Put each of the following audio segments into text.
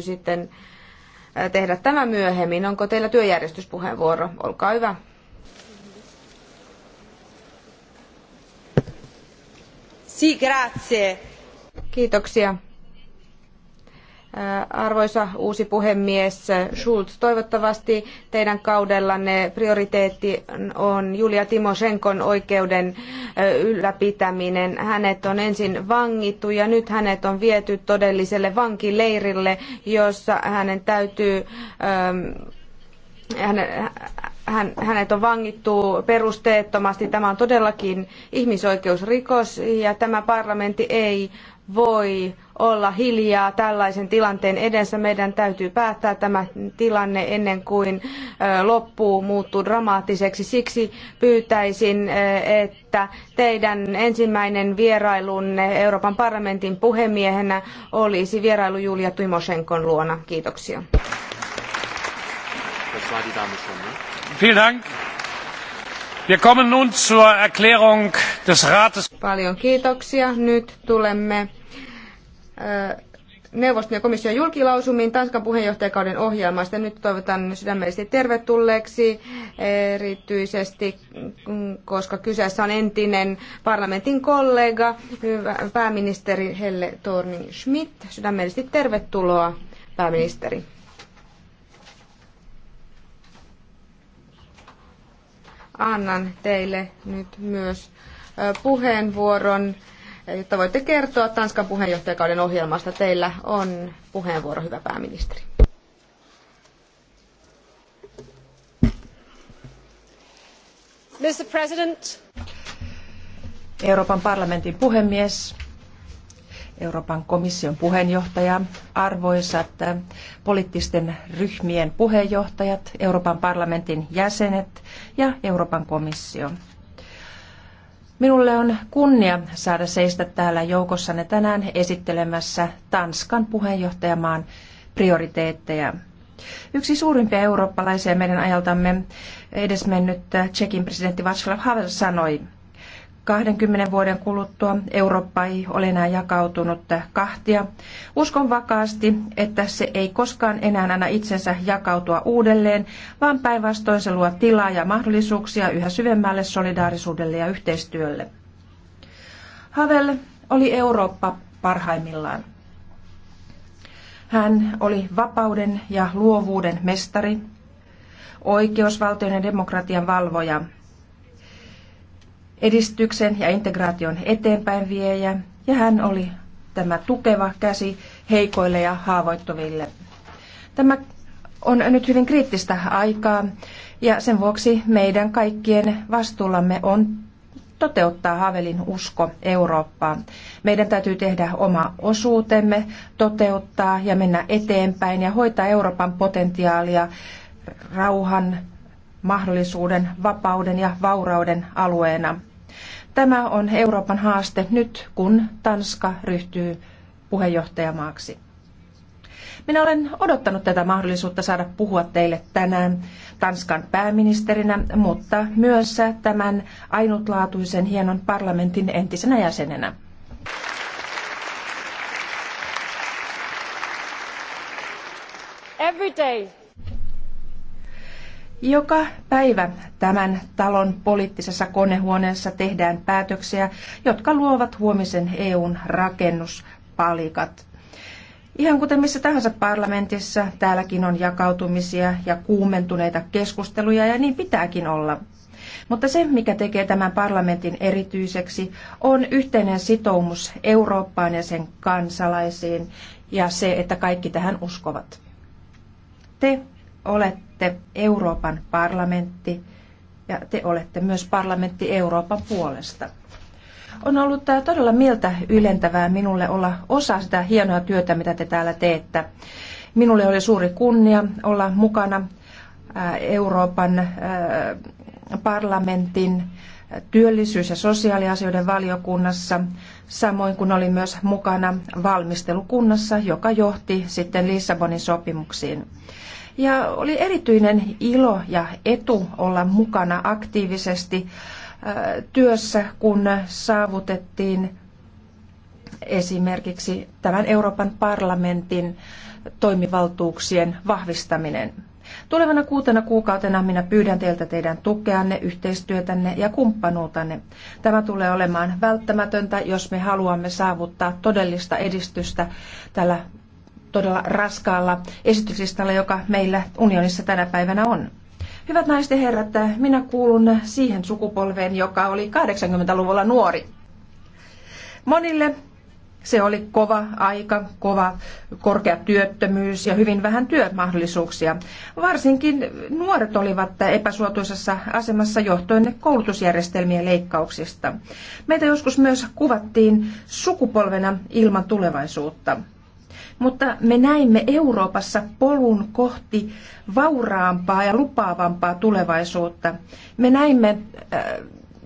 sitten tehdä tämä myöhemmin. Onko teillä työjärjestyspuheenvuoro? Olkaa hyvä. Sì grazie. Kiitoksia. Arvoisa uusi puhemies Schulz, toivottavasti teidän kaudellanne prioriteetti on Julia Timoshenkon oikeuden ylläpitäminen. Hänet on ensin vangittu ja nyt hänet on viety todelliselle vankileirille, jossa hänen täytyy... Ähm, hänen, hän, hänet on vangittu perusteettomasti. Tämä on todellakin ihmisoikeusrikos ja tämä parlamentti ei voi olla hiljaa tällaisen tilanteen edessä. Meidän täytyy päättää tämä tilanne ennen kuin loppu muuttuu dramaattiseksi. Siksi pyytäisin, että teidän ensimmäinen vierailunne Euroopan parlamentin puhemiehenä olisi vierailu Julia Tymoshenkon luona. Kiitoksia. Das war die Dame schon, ne? No? Vielen Dank. Wir kommen nun zur Erklärung des Rates. Paljon kiitoksia. Nyt tulemme äh, neuvoston ja komission julkilausumiin Tanskan puheenjohtajakauden ohjelmasta. Nyt toivotan sydämellisesti tervetulleeksi, erityisesti mm, koska kyseessä on entinen parlamentin kollega, pääministeri Helle Thorning-Schmidt. Sydämellisesti tervetuloa, pääministeri. annan teille nyt myös puheenvuoron, jotta voitte kertoa Tanskan puheenjohtajakauden ohjelmasta. Teillä on puheenvuoro, hyvä pääministeri. Mr. President. Euroopan parlamentin puhemies, Euroopan komission puheenjohtaja, arvoisat äh, poliittisten ryhmien puheenjohtajat, Euroopan parlamentin jäsenet ja Euroopan komissio. Minulle on kunnia saada seistä täällä joukossanne tänään esittelemässä Tanskan puheenjohtajamaan prioriteetteja. Yksi suurimpia eurooppalaisia meidän ajaltamme edesmennyt äh, Tsekin presidentti Václav Havel sanoi, 20 vuoden kuluttua Eurooppa ei ole enää jakautunut kahtia. Uskon vakaasti, että se ei koskaan enää anna itsensä jakautua uudelleen, vaan päinvastoin se luo tilaa ja mahdollisuuksia yhä syvemmälle solidaarisuudelle ja yhteistyölle. Havel oli Eurooppa parhaimmillaan. Hän oli vapauden ja luovuuden mestari, oikeusvaltion ja demokratian valvoja – edistyksen ja integraation eteenpäin viejä, ja hän oli tämä tukeva käsi heikoille ja haavoittuville. Tämä on nyt hyvin kriittistä aikaa, ja sen vuoksi meidän kaikkien vastuullamme on toteuttaa Havelin usko Eurooppaan. Meidän täytyy tehdä oma osuutemme, toteuttaa ja mennä eteenpäin ja hoitaa Euroopan potentiaalia rauhan, mahdollisuuden, vapauden ja vaurauden alueena. Tämä on Euroopan haaste nyt, kun Tanska ryhtyy puheenjohtajamaaksi. Minä olen odottanut tätä mahdollisuutta saada puhua teille tänään Tanskan pääministerinä, mutta myös tämän ainutlaatuisen hienon parlamentin entisenä jäsenenä. Every day joka päivä tämän talon poliittisessa konehuoneessa tehdään päätöksiä, jotka luovat huomisen EUn rakennuspalikat. Ihan kuten missä tahansa parlamentissa, täälläkin on jakautumisia ja kuumentuneita keskusteluja ja niin pitääkin olla. Mutta se, mikä tekee tämän parlamentin erityiseksi, on yhteinen sitoumus Eurooppaan ja sen kansalaisiin ja se, että kaikki tähän uskovat. Te olette olette Euroopan parlamentti ja te olette myös parlamentti Euroopan puolesta. On ollut äh, todella mieltä ylentävää minulle olla osa sitä hienoa työtä, mitä te täällä teette. Minulle oli suuri kunnia olla mukana äh, Euroopan äh, parlamentin työllisyys- ja sosiaaliasioiden valiokunnassa, samoin kun oli myös mukana valmistelukunnassa, joka johti sitten Lissabonin sopimuksiin. Ja oli erityinen ilo ja etu olla mukana aktiivisesti äh, työssä, kun saavutettiin esimerkiksi tämän Euroopan parlamentin toimivaltuuksien vahvistaminen. Tulevana kuutena kuukautena minä pyydän teiltä teidän tukeanne, yhteistyötänne ja kumppanuutanne. Tämä tulee olemaan välttämätöntä, jos me haluamme saavuttaa todellista edistystä tällä todella raskaalla esityslistalla, joka meillä unionissa tänä päivänä on. Hyvät naiset ja herrat, minä kuulun siihen sukupolveen, joka oli 80-luvulla nuori. Monille se oli kova aika, kova korkea työttömyys ja hyvin vähän työmahdollisuuksia. Varsinkin nuoret olivat epäsuotuisessa asemassa johtuen koulutusjärjestelmien leikkauksista. Meitä joskus myös kuvattiin sukupolvena ilman tulevaisuutta. Mutta me näimme Euroopassa polun kohti vauraampaa ja lupaavampaa tulevaisuutta. Me näimme äh,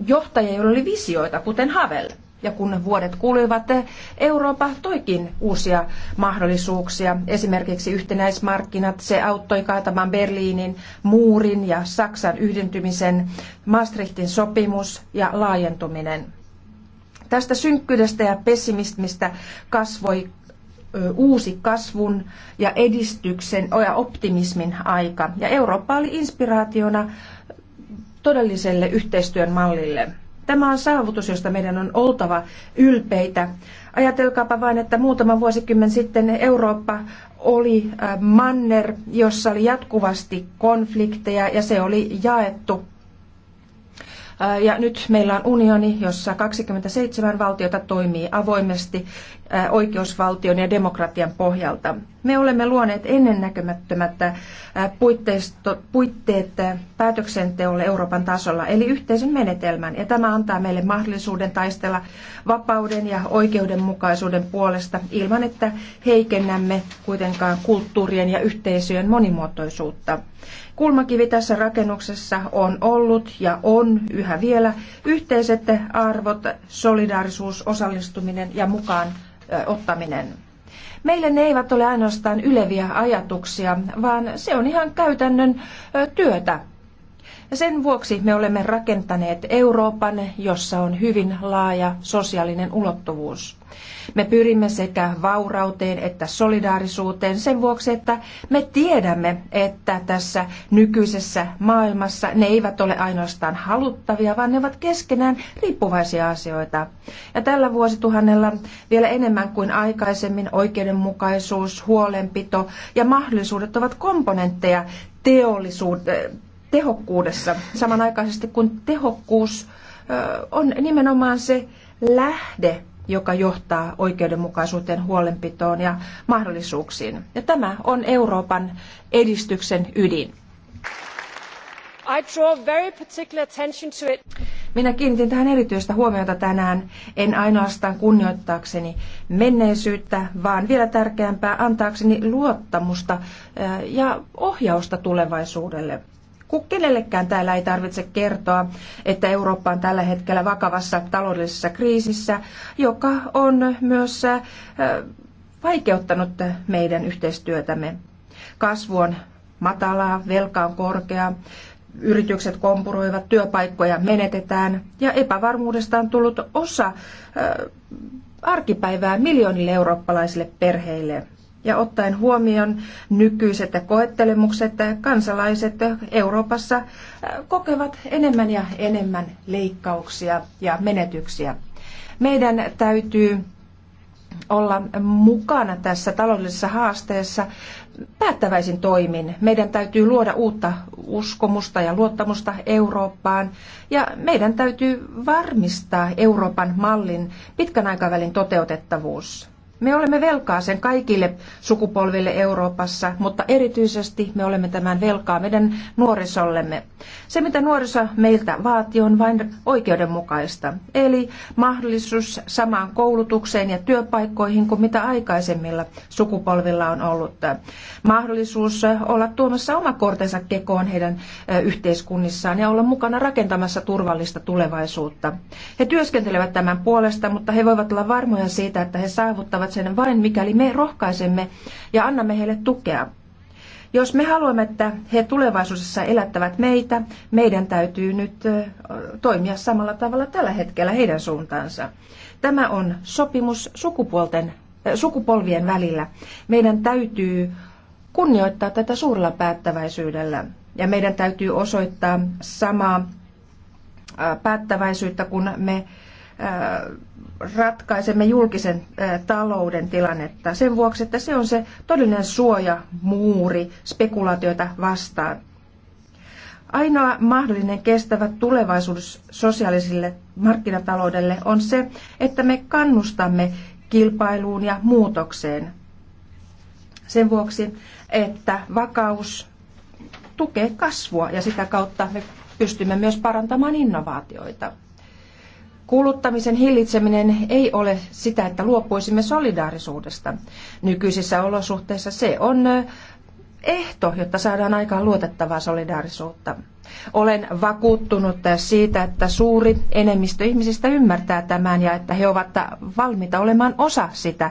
johtajia, joilla oli visioita, kuten Havel. Ja kun vuodet kuluivat, Eurooppa toikin uusia mahdollisuuksia. Esimerkiksi yhtenäismarkkinat, se auttoi kaatamaan Berliinin muurin ja Saksan yhdentymisen, Maastrichtin sopimus ja laajentuminen. Tästä synkkyydestä ja pessimismistä kasvoi uusi kasvun ja edistyksen ja optimismin aika. Ja Eurooppa oli inspiraationa todelliselle yhteistyön mallille. Tämä on saavutus, josta meidän on oltava ylpeitä. Ajatelkaapa vain, että muutama vuosikymmen sitten Eurooppa oli manner, jossa oli jatkuvasti konflikteja ja se oli jaettu ja nyt meillä on unioni, jossa 27 valtiota toimii avoimesti oikeusvaltion ja demokratian pohjalta. Me olemme luoneet ennennäkemättömät puitteet päätöksenteolle Euroopan tasolla, eli yhteisen menetelmän, ja tämä antaa meille mahdollisuuden taistella vapauden ja oikeudenmukaisuuden puolesta ilman, että heikennämme kuitenkaan kulttuurien ja yhteisöjen monimuotoisuutta. Kulmakivi tässä rakennuksessa on ollut ja on yhä vielä yhteiset arvot, solidaarisuus, osallistuminen ja mukaan ottaminen. Meille ne eivät ole ainoastaan yleviä ajatuksia, vaan se on ihan käytännön työtä. Ja sen vuoksi me olemme rakentaneet Euroopan, jossa on hyvin laaja sosiaalinen ulottuvuus. Me pyrimme sekä vaurauteen että solidaarisuuteen sen vuoksi, että me tiedämme, että tässä nykyisessä maailmassa ne eivät ole ainoastaan haluttavia, vaan ne ovat keskenään riippuvaisia asioita. Ja tällä vuosituhannella vielä enemmän kuin aikaisemmin oikeudenmukaisuus, huolenpito ja mahdollisuudet ovat komponentteja teollisuuteen tehokkuudessa samanaikaisesti, kun tehokkuus on nimenomaan se lähde, joka johtaa oikeudenmukaisuuteen, huolenpitoon ja mahdollisuuksiin. Ja tämä on Euroopan edistyksen ydin. Minä kiinnitin tähän erityistä huomiota tänään, en ainoastaan kunnioittaakseni menneisyyttä, vaan vielä tärkeämpää antaakseni luottamusta ja ohjausta tulevaisuudelle kenellekään täällä ei tarvitse kertoa, että Eurooppa on tällä hetkellä vakavassa taloudellisessa kriisissä, joka on myös äh, vaikeuttanut meidän yhteistyötämme. Kasvu on matalaa, velka on korkea, yritykset kompuroivat, työpaikkoja menetetään ja epävarmuudesta on tullut osa äh, arkipäivää miljoonille eurooppalaisille perheille ja ottaen huomioon nykyiset koettelemukset, kansalaiset Euroopassa äh, kokevat enemmän ja enemmän leikkauksia ja menetyksiä. Meidän täytyy olla mukana tässä taloudellisessa haasteessa päättäväisin toimin. Meidän täytyy luoda uutta uskomusta ja luottamusta Eurooppaan ja meidän täytyy varmistaa Euroopan mallin pitkän aikavälin toteutettavuus. Me olemme velkaa sen kaikille sukupolville Euroopassa, mutta erityisesti me olemme tämän velkaa meidän nuorisollemme. Se, mitä nuoriso meiltä vaatii, on vain oikeudenmukaista, eli mahdollisuus samaan koulutukseen ja työpaikkoihin kuin mitä aikaisemmilla sukupolvilla on ollut. Mahdollisuus olla tuomassa oma kortensa kekoon heidän yhteiskunnissaan ja olla mukana rakentamassa turvallista tulevaisuutta. He työskentelevät tämän puolesta, mutta he voivat olla varmoja siitä, että he saavuttavat saavuttavat sen vain, mikäli me rohkaisemme ja annamme heille tukea. Jos me haluamme, että he tulevaisuudessa elättävät meitä, meidän täytyy nyt toimia samalla tavalla tällä hetkellä heidän suuntaansa. Tämä on sopimus sukupuolten, sukupolvien välillä. Meidän täytyy kunnioittaa tätä suurella päättäväisyydellä ja meidän täytyy osoittaa samaa päättäväisyyttä, kun me ratkaisemme julkisen talouden tilannetta sen vuoksi, että se on se todellinen suoja muuri spekulaatioita vastaan. Ainoa mahdollinen kestävä tulevaisuus sosiaalisille markkinataloudelle on se, että me kannustamme kilpailuun ja muutokseen. Sen vuoksi, että vakaus tukee kasvua ja sitä kautta me pystymme myös parantamaan innovaatioita. Kuluttamisen hillitseminen ei ole sitä, että luopuisimme solidaarisuudesta. Nykyisissä olosuhteissa se on ehto, jotta saadaan aikaan luotettavaa solidaarisuutta. Olen vakuuttunut siitä, että suuri enemmistö ihmisistä ymmärtää tämän ja että he ovat valmiita olemaan osa sitä,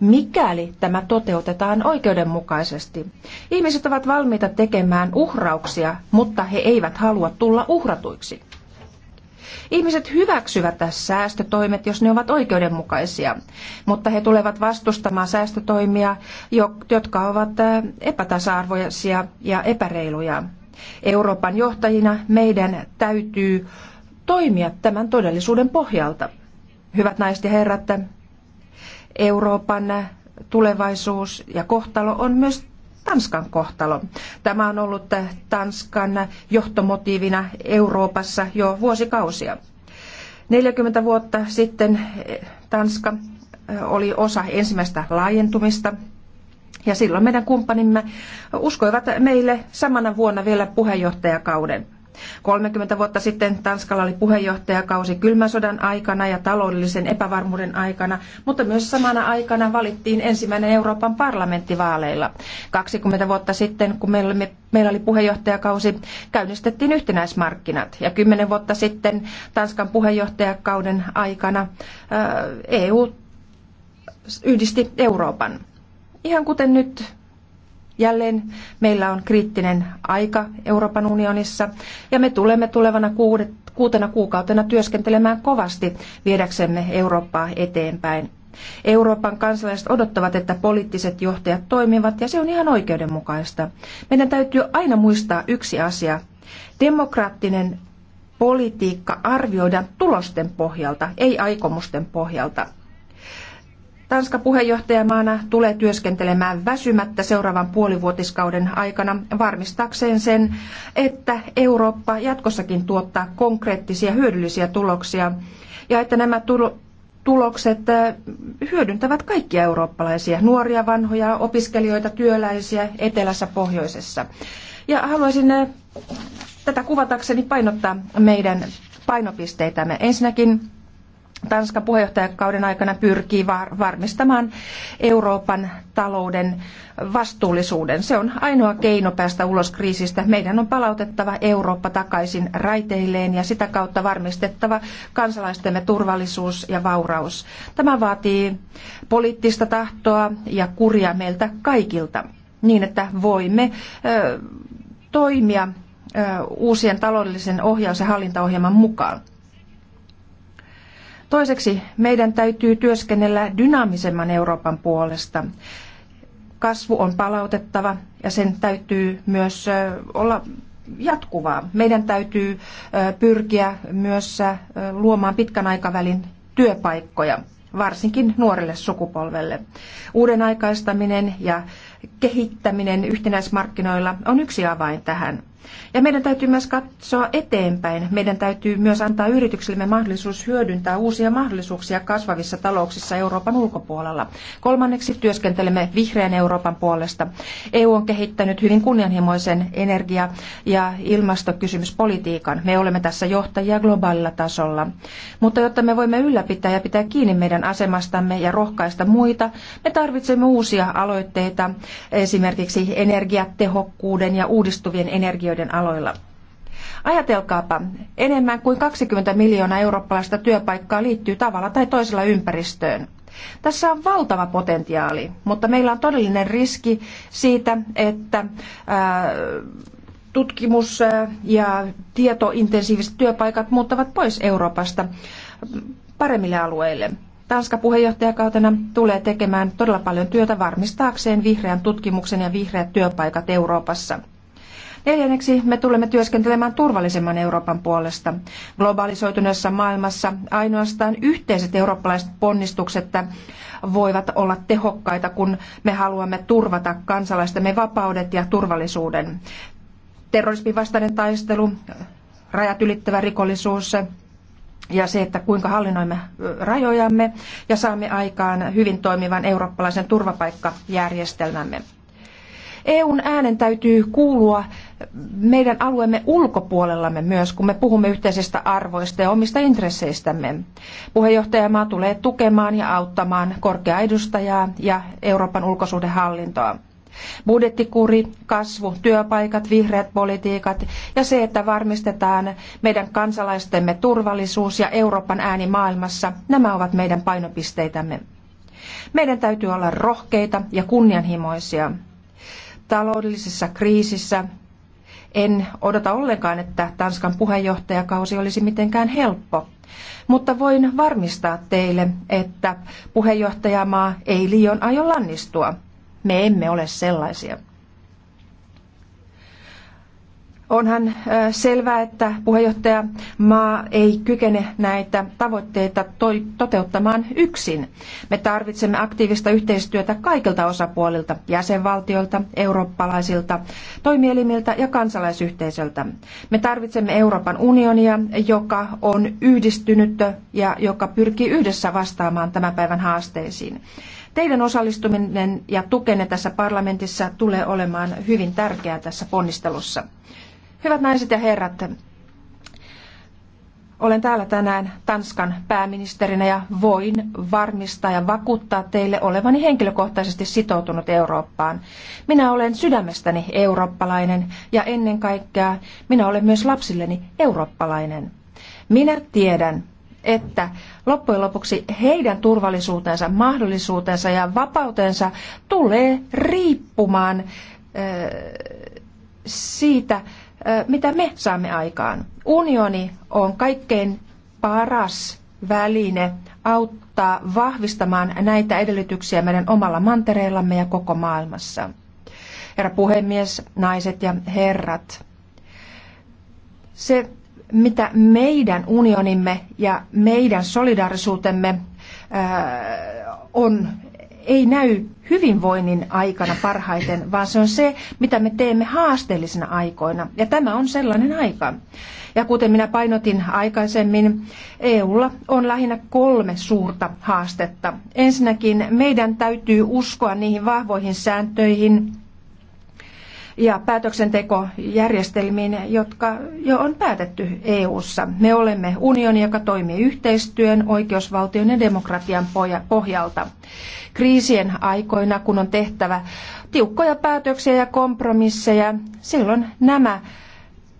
mikäli tämä toteutetaan oikeudenmukaisesti. Ihmiset ovat valmiita tekemään uhrauksia, mutta he eivät halua tulla uhratuiksi. Ihmiset hyväksyvät tässä säästötoimet, jos ne ovat oikeudenmukaisia, mutta he tulevat vastustamaan säästötoimia, jotka ovat äh, epätasa-arvoisia ja epäreiluja. Euroopan johtajina meidän täytyy toimia tämän todellisuuden pohjalta. Hyvät naiset ja herrat, Euroopan tulevaisuus ja kohtalo on myös Tanskan kohtalo. Tämä on ollut Tanskan johtomotiivina Euroopassa jo vuosikausia. 40 vuotta sitten eh, Tanska eh, oli osa ensimmäistä laajentumista ja silloin meidän kumppanimme uskoivat meille samana vuonna vielä puheenjohtajakauden. 30 vuotta sitten Tanskalla oli puheenjohtajakausi kylmän sodan aikana ja taloudellisen epävarmuuden aikana, mutta myös samana aikana valittiin ensimmäinen Euroopan parlamenttivaaleilla. 20 vuotta sitten, kun meillä oli, meillä oli puheenjohtajakausi, käynnistettiin yhtenäismarkkinat. Ja 10 vuotta sitten Tanskan puheenjohtajakauden aikana EU yhdisti Euroopan. Ihan kuten nyt Jälleen meillä on kriittinen aika Euroopan unionissa ja me tulemme tulevana kuutena kuukautena työskentelemään kovasti viedäksemme Eurooppaa eteenpäin. Euroopan kansalaiset odottavat, että poliittiset johtajat toimivat ja se on ihan oikeudenmukaista. Meidän täytyy aina muistaa yksi asia. Demokraattinen politiikka arvioidaan tulosten pohjalta, ei aikomusten pohjalta. Tanska puheenjohtajamaana tulee työskentelemään väsymättä seuraavan puolivuotiskauden aikana varmistakseen sen, että Eurooppa jatkossakin tuottaa konkreettisia hyödyllisiä tuloksia ja että nämä tulokset äh, hyödyntävät kaikkia eurooppalaisia, nuoria, vanhoja, opiskelijoita, työläisiä, etelässä, pohjoisessa. Ja haluaisin äh, tätä kuvatakseni painottaa meidän painopisteitämme. Ensinnäkin Tanska puheenjohtajakauden aikana pyrkii varmistamaan Euroopan talouden vastuullisuuden. Se on ainoa keino päästä ulos kriisistä. Meidän on palautettava Eurooppa takaisin raiteilleen ja sitä kautta varmistettava kansalaistemme turvallisuus ja vauraus. Tämä vaatii poliittista tahtoa ja kuria meiltä kaikilta niin, että voimme toimia uusien taloudellisen ohjaus- ja hallintaohjelman mukaan. Toiseksi meidän täytyy työskennellä dynaamisemman Euroopan puolesta. Kasvu on palautettava ja sen täytyy myös olla jatkuvaa. Meidän täytyy pyrkiä myös luomaan pitkän aikavälin työpaikkoja, varsinkin nuorelle sukupolvelle. Uuden aikaistaminen ja kehittäminen yhtenäismarkkinoilla on yksi avain tähän. Ja meidän täytyy myös katsoa eteenpäin. Meidän täytyy myös antaa yrityksillemme mahdollisuus hyödyntää uusia mahdollisuuksia kasvavissa talouksissa Euroopan ulkopuolella. Kolmanneksi työskentelemme vihreän Euroopan puolesta. EU on kehittänyt hyvin kunnianhimoisen energia- ja ilmastokysymyspolitiikan. Me olemme tässä johtajia globaalilla tasolla. Mutta jotta me voimme ylläpitää ja pitää kiinni meidän asemastamme ja rohkaista muita, me tarvitsemme uusia aloitteita, esimerkiksi energiatehokkuuden ja uudistuvien energioiden työntekijöiden aloilla. Ajatelkaapa, enemmän kuin 20 miljoonaa eurooppalaista työpaikkaa liittyy tavalla tai toisella ympäristöön. Tässä on valtava potentiaali, mutta meillä on todellinen riski siitä, että ää, tutkimus- ja tietointensiiviset työpaikat muuttavat pois Euroopasta paremmille alueille. Tanska puheenjohtajakautena tulee tekemään todella paljon työtä varmistaakseen vihreän tutkimuksen ja vihreät työpaikat Euroopassa. Neljänneksi me tulemme työskentelemään turvallisemman Euroopan puolesta. Globalisoituneessa maailmassa ainoastaan yhteiset eurooppalaiset ponnistukset voivat olla tehokkaita, kun me haluamme turvata kansalaistemme vapaudet ja turvallisuuden. Terrorismin vastainen taistelu, rajat ylittävä rikollisuus, ja se, että kuinka hallinnoimme rajojamme ja saamme aikaan hyvin toimivan eurooppalaisen turvapaikkajärjestelmämme. EUn äänen täytyy kuulua meidän alueemme ulkopuolellamme myös, kun me puhumme yhteisistä arvoista ja omista intresseistämme. Puheenjohtajamaa tulee tukemaan ja auttamaan korkeaa edustajaa ja Euroopan ulkosuhdehallintoa. Budjettikuri, kasvu, työpaikat, vihreät politiikat ja se, että varmistetaan meidän kansalaistemme turvallisuus ja Euroopan ääni maailmassa, nämä ovat meidän painopisteitämme. Meidän täytyy olla rohkeita ja kunnianhimoisia. Taloudellisessa kriisissä en odota ollenkaan, että Tanskan puheenjohtajakausi olisi mitenkään helppo. Mutta voin varmistaa teille, että puheenjohtajamaa ei liian aio lannistua. Me emme ole sellaisia. Onhan äh, selvää, että puheenjohtaja maa ei kykene näitä tavoitteita toteuttamaan yksin. Me tarvitsemme aktiivista yhteistyötä kaikilta osapuolilta, jäsenvaltioilta, eurooppalaisilta, toimielimiltä ja kansalaisyhteisöltä. Me tarvitsemme Euroopan unionia, joka on yhdistynyt ja joka pyrkii yhdessä vastaamaan tämän päivän haasteisiin. Teidän osallistuminen ja tukenne tässä parlamentissa tulee olemaan hyvin tärkeää tässä ponnistelussa. Hyvät naiset ja herrat, olen täällä tänään Tanskan pääministerinä ja voin varmistaa ja vakuuttaa teille olevani henkilökohtaisesti sitoutunut Eurooppaan. Minä olen sydämestäni eurooppalainen ja ennen kaikkea minä olen myös lapsilleni eurooppalainen. Minä tiedän, että loppujen lopuksi heidän turvallisuutensa, mahdollisuutensa ja vapautensa tulee riippumaan siitä, mitä me saamme aikaan. Unioni on kaikkein paras väline auttaa vahvistamaan näitä edellytyksiä meidän omalla mantereillamme ja koko maailmassa. Herra puhemies, naiset ja herrat, se mitä meidän unionimme ja meidän solidaarisuutemme on ei näy hyvinvoinnin aikana parhaiten, vaan se on se, mitä me teemme haasteellisina aikoina. Ja tämä on sellainen aika. Ja kuten minä painotin aikaisemmin, EUlla on lähinnä kolme suurta haastetta. Ensinnäkin meidän täytyy uskoa niihin vahvoihin sääntöihin, ja päätöksentekojärjestelmiin, jotka jo on päätetty EU:ssa. Me olemme unioni, joka toimii yhteistyön, oikeusvaltion ja demokratian pohjalta. Kriisien aikoina, kun on tehtävä tiukkoja päätöksiä ja kompromisseja, silloin nämä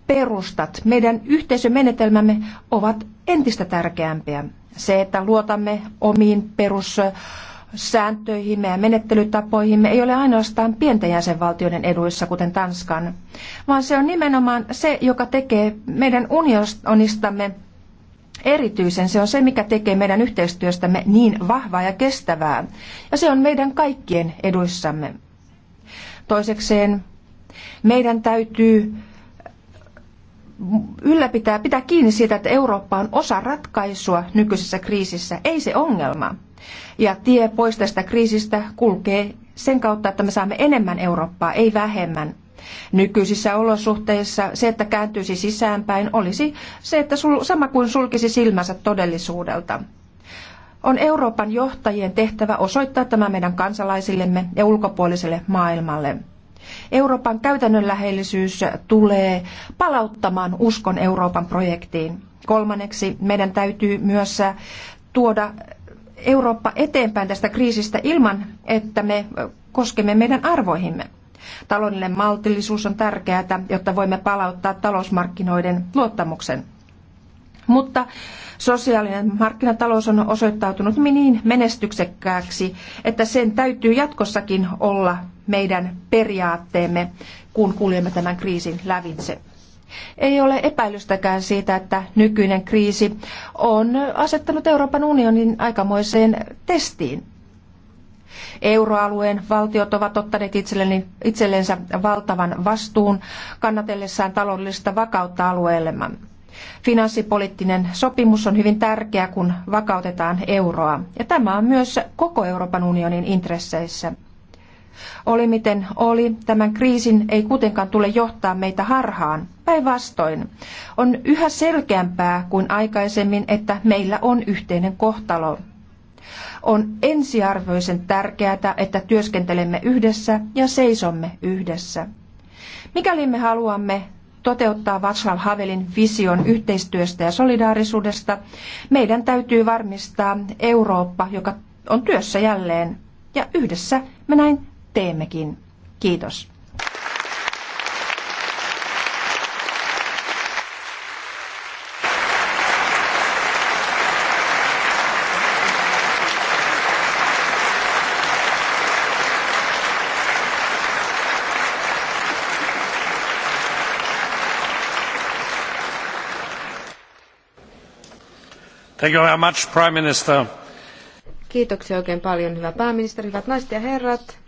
perustat, meidän yhteisömenetelmämme ovat entistä tärkeämpiä. Se, että luotamme omiin perus sääntöihimme ja menettelytapoihimme ei ole ainoastaan pienten jäsenvaltioiden eduissa, kuten Tanskan, vaan se on nimenomaan se, joka tekee meidän unionistamme erityisen. Se on se, mikä tekee meidän yhteistyöstämme niin vahvaa ja kestävää. Ja se on meidän kaikkien eduissamme. Toisekseen meidän täytyy ylläpitää, pitää kiinni siitä, että Eurooppa on osa ratkaisua nykyisessä kriisissä, ei se ongelma. Ja tie pois tästä kriisistä kulkee sen kautta, että me saamme enemmän Eurooppaa, ei vähemmän. Nykyisissä olosuhteissa se, että kääntyisi sisäänpäin, olisi se, että sul, sama kuin sulkisi silmänsä todellisuudelta. On Euroopan johtajien tehtävä osoittaa tämä meidän kansalaisillemme ja ulkopuoliselle maailmalle. Euroopan käytännönläheisyys tulee palauttamaan uskon Euroopan projektiin. Kolmanneksi meidän täytyy myös tuoda Eurooppa eteenpäin tästä kriisistä ilman, että me koskemme meidän arvoihimme. Taloudellinen maltillisuus on tärkeää, jotta voimme palauttaa talousmarkkinoiden luottamuksen. Mutta sosiaalinen markkinatalous on osoittautunut niin menestyksekkääksi, että sen täytyy jatkossakin olla meidän periaatteemme, kun kuljemme tämän kriisin lävitse. Ei ole epäilystäkään siitä, että nykyinen kriisi on asettanut Euroopan unionin aikamoiseen testiin. Euroalueen valtiot ovat ottaneet itsellensä valtavan vastuun kannatellessaan taloudellista vakautta alueellemme. Finanssipoliittinen sopimus on hyvin tärkeä, kun vakautetaan euroa, ja tämä on myös koko Euroopan unionin intresseissä. Oli miten oli, tämän kriisin ei kuitenkaan tule johtaa meitä harhaan. Päinvastoin, on yhä selkeämpää kuin aikaisemmin, että meillä on yhteinen kohtalo. On ensiarvoisen tärkeää, että työskentelemme yhdessä ja seisomme yhdessä. Mikäli me haluamme toteuttaa Václav Havelin vision yhteistyöstä ja solidaarisuudesta, meidän täytyy varmistaa Eurooppa, joka on työssä jälleen. Ja yhdessä me näin teemmekin. Kiitos. Thank you very much, Prime Minister. Kiitoksia oikein paljon, hyvä pääministeri, hyvät naiset ja herrat.